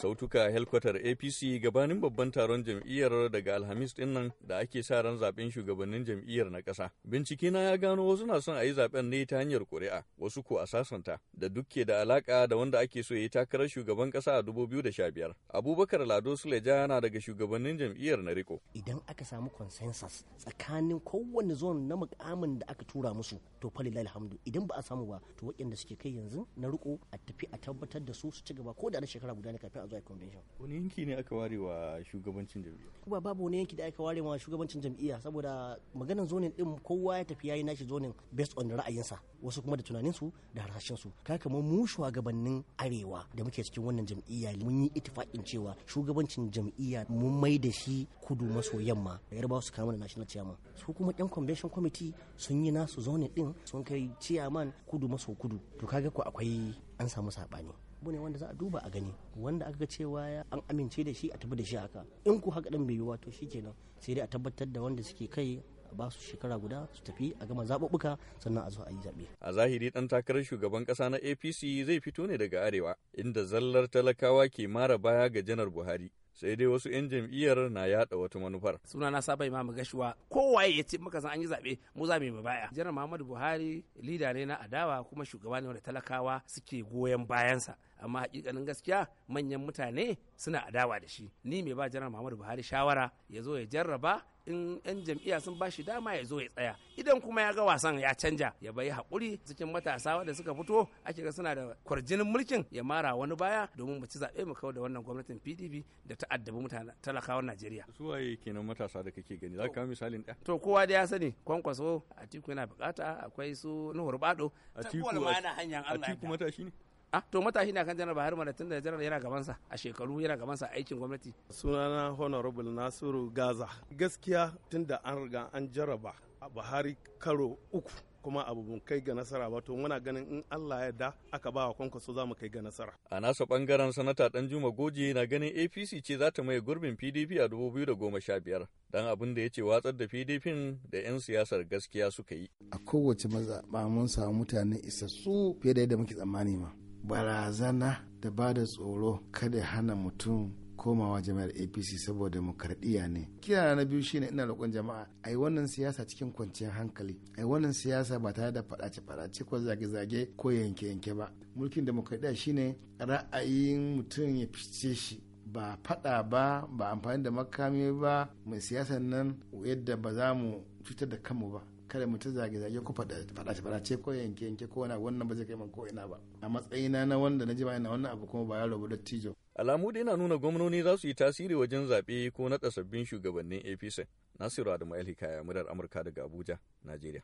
sautuka helkwatar apc gabanin babban taron jam'iyyar daga alhamis din da ake sa ran zaben shugabannin jam'iyyar na ƙasa bincike na ya gano wasu na son a yi zaben ne ta hanyar ƙuri'a wasu ko a sasanta da duk da alaka da wanda ake so ya yi takarar shugaban ƙasa a 2015 abubakar lado suleja yana daga shugabannin jam'iyyar na riko idan aka samu consensus tsakanin kowane zon na mukamin da aka tura musu to falilai alhamdu idan ba a samu ba to waɗanda suke kai yanzu na riko a tafi a tabbatar da su su ci gaba ko da na shekara guda ne kafin a Oja Convention. Wani yanki ne aka ware wa shugabancin jam'iyya? Kuma babu wani yanki da aka ware wa shugabancin jam'iyya saboda maganan zonin din kowa ya tafi yayi nashi zonin based on ra'ayinsa wasu kuma da tunaninsu da harsashinsu. Ka kamar mu shugabannin arewa da muke cikin wannan jam'iyya mun yi itifakin cewa shugabancin jam'iyya mun mai da shi kudu maso yamma da yarbawa su kama da national chairman. Su kuma yan convention committee sun yi nasu zonin din sun kai chairman kudu maso kudu. To kaga ko akwai an samu saɓani. abu ne wanda za a duba a gani wanda aka cewa an amince da shi a tafi da shi haka in ku haka dan bai wato shi shikenan sai dai a tabbatar da wanda suke kai a ba su shekara guda su tafi a gama zaɓuɓɓuka sannan a zo a yi zaɓe. A zahiri ɗan takarar shugaban ƙasa na APC zai fito ne daga Arewa inda zallar talakawa ke mara baya ga janar Buhari. sai dai wasu 'yan jam'iyyar na yada wata manufar. Suna na saba imam gashuwa kowaye ya ce maka san an yi zaɓe mu za mu yi baya. Jiran Muhammadu Buhari lida ne na adawa kuma shugaba ne wanda talakawa suke goyon bayansa. amma hakikanin gaskiya manyan mutane suna adawa da shi ni mai ba janar muhammadu buhari shawara ya zo ya jarraba in 'yan jam'iyya sun ba shi dama ya zo ya tsaya idan kuma ya ga wasan ya canja ya bayi haƙuri cikin matasa wanda suka fito ake ga suna da kwarjinin mulkin ya mara wani baya domin mu ci zaɓe mu kawo da wannan gwamnatin pdp da ta addabi mutane talakawan Najeriya. Su waye kenan matasa da kake gani? Za ka misalin ɗaya. To kowa da ya sani kwankwaso Atiku yana bukata akwai su Nuhur Bado. Atiku hanyar Allah. tiku matashi ne. Ah, to matashi na kan janar Bahar Mara tunda janar yana gabansa a shekaru yana gabansa aikin gwamnati. Sunana Honorable Nasiru Gaza. Gaskiya tunda an riga an jaraba a Buhari karo uku kuma abu mun kai ga nasara ba to muna ganin in Allah ya da aka ba wa kwankwaso za mu kai ga nasara. A nasa bangaren sanata Danjuma Goje na ganin APC ce za ta maye gurbin PDP a 2015 dan abin da ya ce watsar da PDP da 'yan siyasar gaskiya suka yi. A kowace mazaɓa mun samu mutane isassu fiye da yadda muke tsammani ma. Barazana da ba da tsoro kada hana mutum komawa jama'ar apc saboda demokradiyya ne kira na biyu shine ina roƙon jama'a ai wannan siyasa cikin kwanciyar hankali ai wannan siyasa ba tare da faɗace faɗace ko zage-zage ko yanke yanke ba mulkin demokradiyya shine ra'ayin mutum ya fice shi ba faɗa ba ba amfani da makami ba mai siyasar nan yadda ba za mu cutar da kanmu ba kada mu ta zage-zage ko faɗace-faɗace ko yanke-yanke ko wani wannan ba zai kai man ko ina ba a matsayina na wanda na ji ba wannan abu kuma ba ya rubuta tijo Alamu da yana nuna gwamnoni za su yi tasiri wajen zaɓe ko naɗa sabbin shugabannin APC. Nasiru Adamu Alhikaya, murar Amurka daga Abuja, Najeriya.